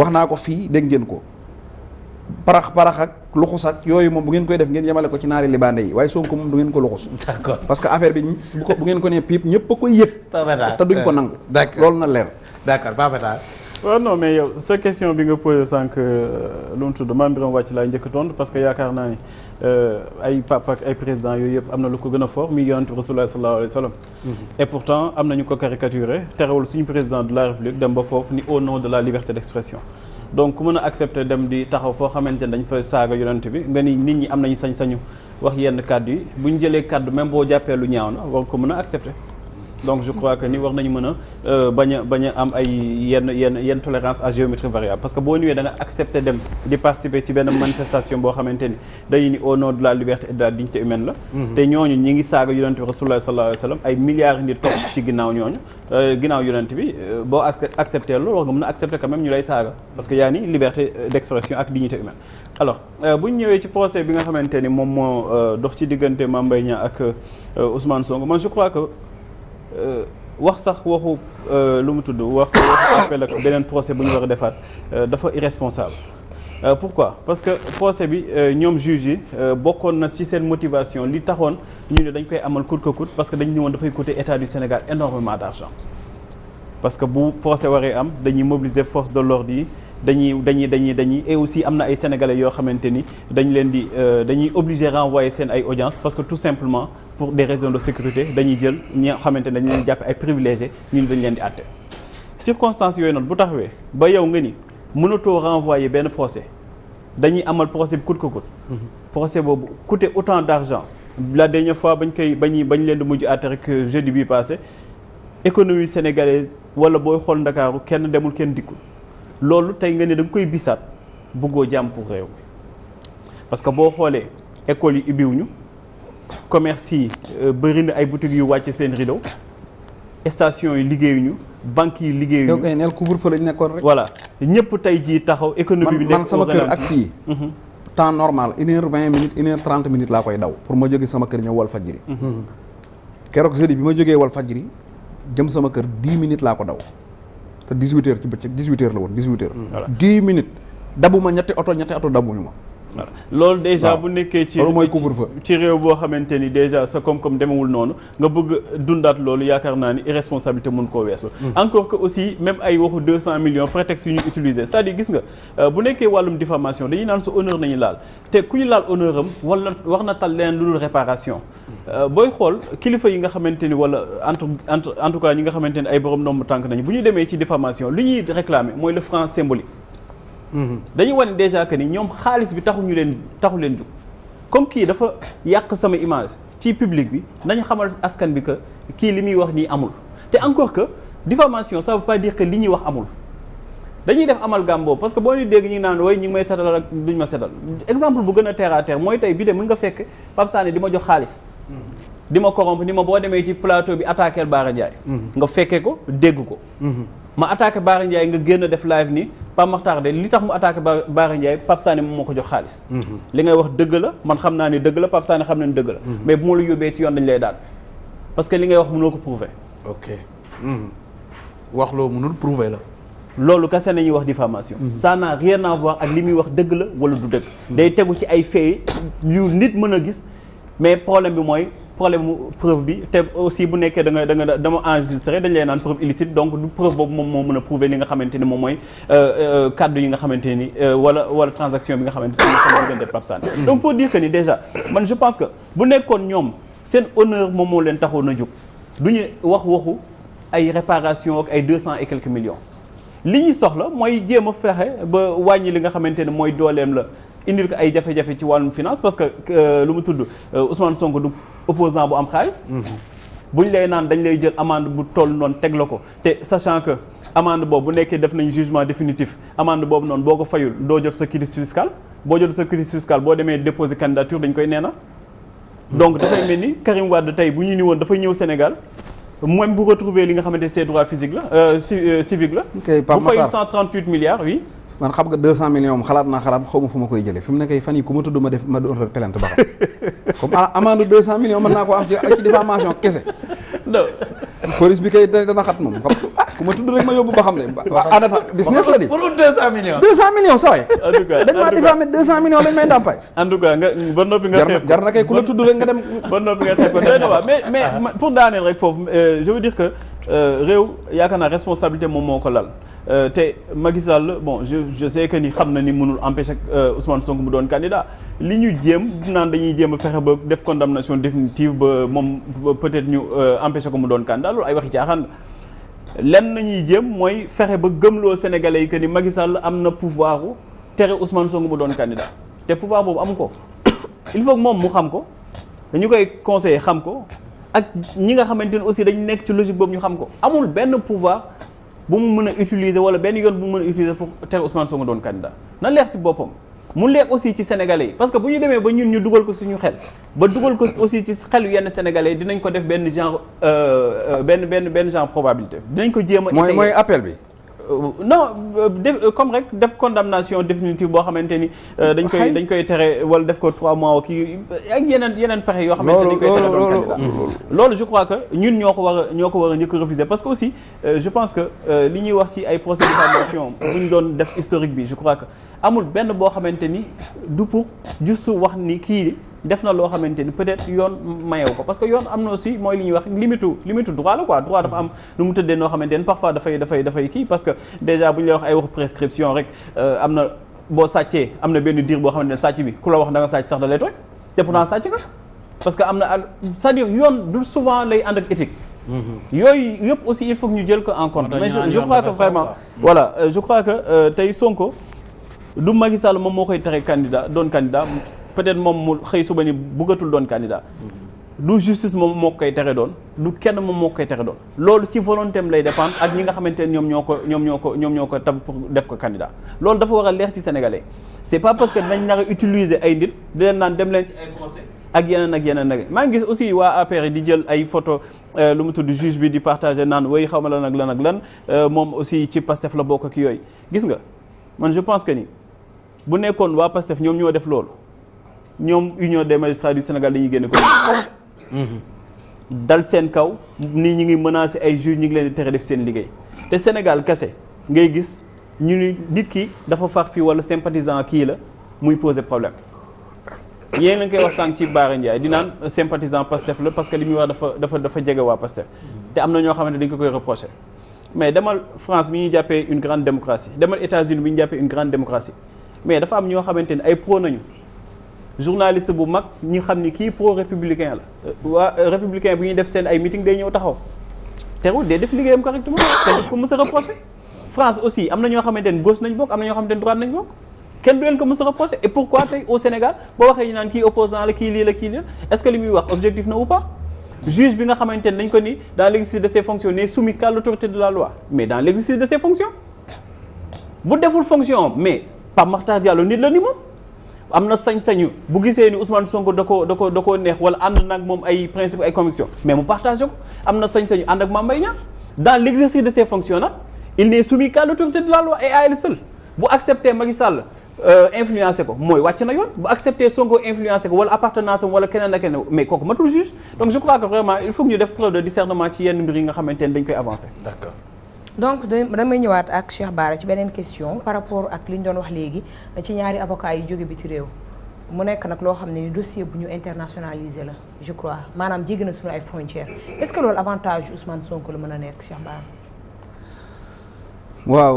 wax naa ko fii dégg ngeen ko parax parax ak yooyu moom bu ngeen koy def ngeen yemale ko ci naari libaande yi waaye Sonko moom du ngeen ko luxus d'accord parce que affaire bi bu ko bu ngeen ko nee piip ñëpp a koy yëg ko nangu loolu na leer d'accord Pape waaw euh, non mais yow sa question bi nga posé sànq euh, lu mu tudd maam Birame wàcc laa njëkk tontu parce que yaakaar naa ne euh, ay papa ak ay président yooyu yëpp am na lu ko gën a fort muy yonent Rasulullah sallallahu alayhi wa sallam mhm. am nañu ko caricaturé suñu président de la république dem ba foofu ni au nom de la liberté d'expression donc ku mën a accepter dem di taxaw foo xamante ne dañ fa saaga yonent bi nga ni nit ñi am nañu sañ-sañu wax yenn kàdd yi bu ñu jëlee kàddu même boo jàppee lu ñaaw na war ko mën a accepter donc je crois que ni war nañu mën a euh, bañ a a am ay yenn yenn yenn tolérance à géométrie variable parce que boo ñëwee da nga accepter dem di participer ci benn manifestation boo xamante ni dañu ni au nom de la liberté et de la dignité humaine la mhm. te ñooñu ñi ngi saaga yonent bi rasulullah sallallahu ay milliards nit topp ci ginnaaw ñooñu euh, ginnaaw yonent bi euh, boo accepter loolu war nga mën a accepter quand ñu lay saaga parce que yaa ni liberté d'expression ak dignité ñu ñëwee ci moom moo dox ci diggante Mame Mbaye que Euh, wax sax waxu euh, lu mu tudd wax waxu appel ak beneen procès bu ñu war a defaat euh, dafa irresponsable pourquoi parce que procès bi ñoom juge yi bokkoon na ci seen motivation li taxoon ñu ne dañ koy amal coûte que coûte parce que dañ ñëwoon dafay coûter état du Sénégal énormément d'argent parce que bu procès waree am dañuy mobiliser force de l'ordre yi dañuy dañuy dañuy dañuy et aussi am na ay sénégalais yoo xamante ni dañ leen di dañuy obligé renvoyer seen ay audience parce que tout simplement pour des raisons de sécurité dañuy jël ñi nga xamante ne dañu leen jàpp ay privilégiés ñun dañ leen di àtte circonstances yooyu noonu bu taxawee ba yow nga ni mënatoo renvoyer benn procès dañuy amal procès bi coûte que coûte. Mhm. procès boobu coûté autant d' argent. la dernière fois bañ koy bañ bañ leen di mujj àtte rek euh, jeudi bii passé économie sénégalaise wala booy xool ndakaaru kenn demul kenn dikkul loolu tey nga ne da koy bisaat bëggoo jàmm pour réew mi parce que boo xoolee écoles yi ubbiwuñu commerce yi euh, ba na ay boutiques yu wàcc seen rideau station yi liggéeyuñu banques yi liggéeyuñu. yow kay neel couvre-feu lañ nekkoon rek. voilà ñëpp tey jii taxaw économie bi. nekk sama kër ak fii. Mhm. temps normal une heure vingt minutes une ma jóge sama kër ñëw wal fajiri. Mhm. bi ma jógee wal fajiri jëm sama kër dix minutes laa ko daw te dix huit ci bëccëg dix huit la woon dix huit heures. dix minutes dabu ñetti oto ñetti oto dabuñu ma. voilà loolu déjà bu nekkee ci mooy couvre-feu ci réew boo xamante ni déjà sa koom-koom demewul noonu nga bëgg dundaat loolu yaakaar naa ni irresponsabilité mun koo weesu hmm. encore que aussi même ay waxu deux cent millions prétexte yu ñu utiliser cest à gis nga euh, bu nekkee wàllum diffamation dañuy naan sa honneur nañu laal te ku ñu laal honneur am wala war na tal leen lu dul réparation hmm. euh, booy xool kilifa yi nga xamante ni wala entre entre en tout cas ñi nga xamante ni ay borom nombre bu ñu demee ci diffamation li ñuy réclamer mooy le franc symbolique dañuy wane déjà que ni ñoom xaalis bi taxu ñu leen taxu leen jug comme kii dafa yàq sama image ci public bi nañu xamal askan bi que kii li muy wax nii amul te encore que diffamation ça veut pas dire que li ñuy wax amul dañuy def amalgame boobu parce que boo ñu dégg ñu naan way ñu ngi may setal ak duñ ma setal exemple bu gën a terre à mooy tey bi de mën nga fekk Pape Sané di ma jox xaalis mm-hmm. di ma corrompre ni ma boo demee ci plateau bi attaqué Bara Ndiaye mm-hmm. nga fekkee ko dégg ko mm-hmm. ma attaqué Bara Ndiaye nga génn def live ni Pape Makhtar de li tax mu attaqué Bara Ndiaye Pape moo ko jox xaalis mhm. li ngay wax dëgg la man xam naa ni dëgg la Pape Sané xam na ne dëgg la mhm. mais bu ma la yóbbee si yoon dañ lay daan parce que li ngay wax mënoo ko prouver mhm. wax loo mënul prouver la loolu kase nañuy wax diffamation ça n'a rien à voir ak li muy wax dëgg la wala du dëgg day tegu ci ay faits yu nit mën a gis mais problème bi mooy problème mu preuve bi te aussi bu nekkee da nga da nga dama enregistré dañ lay naan preuve illicite donc du preuve boobu moom moo mën a prouver li nga xamante ni moom mooy euh, euh, kaddu yi nga xamante ni euh, wala wala transaction bi nga xamante ni sama diggante Pape Sané mm. donc faut dire que ni déjà man je pense que bu nekkoon ñoom seen honneur moom moo leen taxoon a jóg du ñu wax waxu ay réparation ak ay deux cent et quelques millions li ñuy soxla mooy jéem a fexe ba wàññi li nga xamante ne mooy dooleem la indil ko ay jafe-jafe ci wàllum finance parce que euh, lu mu tudd euh, Ousmane Sonko du opposant bu am xaalis mm-hmm. bu ñu lay naan dañ lay jël amande bu toll noonu teg la ko te sachant que amende boobu bu nekkee def nañ jugement définitif amende boobu noonu boo ko fayul doo jot sa crise fiscale boo jot sa crise fiscale boo demee déposer candidature dañ koy neena na donc dafay mel ni Karim Wade tey bu ñu ni woon dafay ñëw Sénégal même bu retrouver li nga xamante c'est droit physique la euh, civique la bu fayul 138 milliards oui man xam nga 200 millions moom xalaat naa xalaat xaw ma fu ma koy jëlee fi ne kay fan yi ku ma tudd ma def ma doon rek plainte ba xam comme amende 200 millions mën naa ko am ci ci kese. non. bi kay dana xat moom xam ah, ku ma tudd rek ma yóbbu ba xam ne. waaw adata business la di. pour 200 millions. 200 millions saa waay. en tout cas dañ maa diffamé 200 millions lañ may jar na kay ku la tudd rek nga dem. ba noppi nga xeeb ko mais mais pour euh, euh, moom moo ko lal. Euh, te Macky Sall bon je je sais que ni xam na ni mënul empêcher euh, Ousmane Sonko mu doon candidat li ñu jéem naan dañuy jéem a fexe ba def condamnation définitive ba moom peut-être ñu euh, empêcher ko mu doon candidat loolu ay waxi caaxaan lenn ñuy jéem mooy fexe ba gëmloo Sénégalais yi que ni Macky Sall am na pouvoir u tere Ousmane Sonko mu doon candidat te pouvoir boobu amu ko il faut moom mu xam ko dañu koy conseiller xam ko ak ñi nga xamante ne aussi dañu nekk ci logique boobu ñu xam ko amul benn pouvoir bu mu mën a utiliser wala benn yoon bu mu mën a utiliser pour tere Ousmane Sonko doon candidat na leer si boppam mu leer aussi ci sénégalais yi parce que bu ñu demee ba ñun ñu dugal ko suñu xel ba dugal ko aussi ci xelu yenn sénégalais yi dinañ ko def benn genre euh, euh, benn benn benn genre probabilité dinañ ko jéem a mooy mooy appel bi non euh, def euh, comme rek def condamnation définitive boo xamante ni. Euh, dañ koy dañ koy tere wala def ko trois mois kii ak yeneen yeneen pexe yoo. xamante ni dañ koy tere doon candidat loolu je crois que ñun ñoo ko war a ñoo ko war a njëkk refuser parce que aussi je pense que li ñuy wax ci ay procès de diffamation bu ñu doon def historique bi je crois que amul benn boo xamante ni du pour juste wax ni kii. def na loo xamante ni peut-être yoon mayew ko parce que yoon am na aussi mooy li ñuy wax limitu limitu droit la quoi droit dafa am nu mu tëddee noo xamante ni parfois dafay dafay dafay kii parce que déjà bu ñu lay wax ay wax prescription rek euh, am na boo sàccee am na benn diir boo xamante ne sàcc bi ku la wax na nga sàcc sax da lay tooñ te pourtant sàcc nga parce que am na c'est-à-dire yoon du souvent lay ànd ak éthique mm-hmm. yooyu yëpp aussi il faut ñu jël ko en compte je crois vraiment voilà euh, je crois que euh, tey Sonko du Macky Sall moom moo koy tere candidat doon candidat peut-être moom mu xëy suba ni bëggatul doon candidat du justice moom moo koy tere doon du kenn moom moo koy texe doon loolu ci volonté am lay dépendre ak ñi nga xamante ne ñoom ñoo ko ñoom ñoo ko ñoom ñoo ko tab pour def ko candidat loolu dafa war a leer ci sénégalais c'est pas parce que dinañ nar a utiliser ay nit di leen naan dem leen ci ay procès ak yeneen ak yeneen nag maa ngi gis aussi waa APR di jël ay photo euh, lu mu tudd juge bi di partager naan way xaw ma lan ak lan ak lan euh, moom aussi ci Pastef la bokk ak yooyu gis nga man je pense que ni bu nekkoon waa Pastef ñoom ñoo def loolu ñoom union des magistrats du Sénégal dañuy génne ko dal seen kaw nii ñi ngi menacé ay juges ñu ngi leen di tere def seen liggéey te Sénégal kese ngay gis ñu ni nit ki dafa far fii wala sympathisant kii la muy poser problème yéen lañ koy wax sànq ci Baara Ndiaye di naan sympathisant Pastef la parce que li muy wax dafa dafa dafa jege waa Pastef te am na ñoo xamante dañ ko koy reproché mais demal France bi ñu jàppee une grande démocratie demal États-Unis bi ñu jàppee une grande démocratie mais dafa am ñoo xamante ne ay pro nañu journaliste bu mag ñu xam ni kii pro républicain la waa euh, républicain bu ñu def seen ay meeting day ñëw taxaw terewul day def liggéeyam correctement te daf ko mës a France aussi am na ñoo xamante ne gauche bokk am na ñoo xamante droite nañ bokk kenn du leen ko mës a reproché et pourquoi tey au Sénégal boo waxee ñu naan kii opposant la kii lii la kii lii la est li muy wax objectif na ou pas juge bi nga xamante ne ko ni dans l'exercice de ses fonctions n'est soumis qu'à deful fonction mais Pape Makhtar Diallo nit la ni am na sañ-sañu bu gisee ni Ousmane Sonko da koo da ko da koo neex wala ànd nag moom ay principe ay conviction mais mu partagé ko am na sañ-sañu ànd ak Mame Mbaye Niang dans l'exercice de ses fonctions nag il n'est soumis qu'à l'autorité de la loi et à elle seule bu accepté Macky euh, influencé ko mooy wàcc na yoon bu accepté Sonko influencé ko wala appartenance am wala keneen ak keneen mais kooku matul juge donc je crois vraiment il faut ñu def preuve de discernement donc damay ñëwaat ak Cheikh Bara ci beneen question par rapport ak li ñu doon wax léegi ci ñaari avocat yu jóge biti réew mu nekk nag loo xam ne ni dossier bu ñu internationalisé la je crois maanaam jéggi na suñu ay frontières est-ce que loolu avantage Ousmane Sonko la mën a nekk Cheikh Bara waaw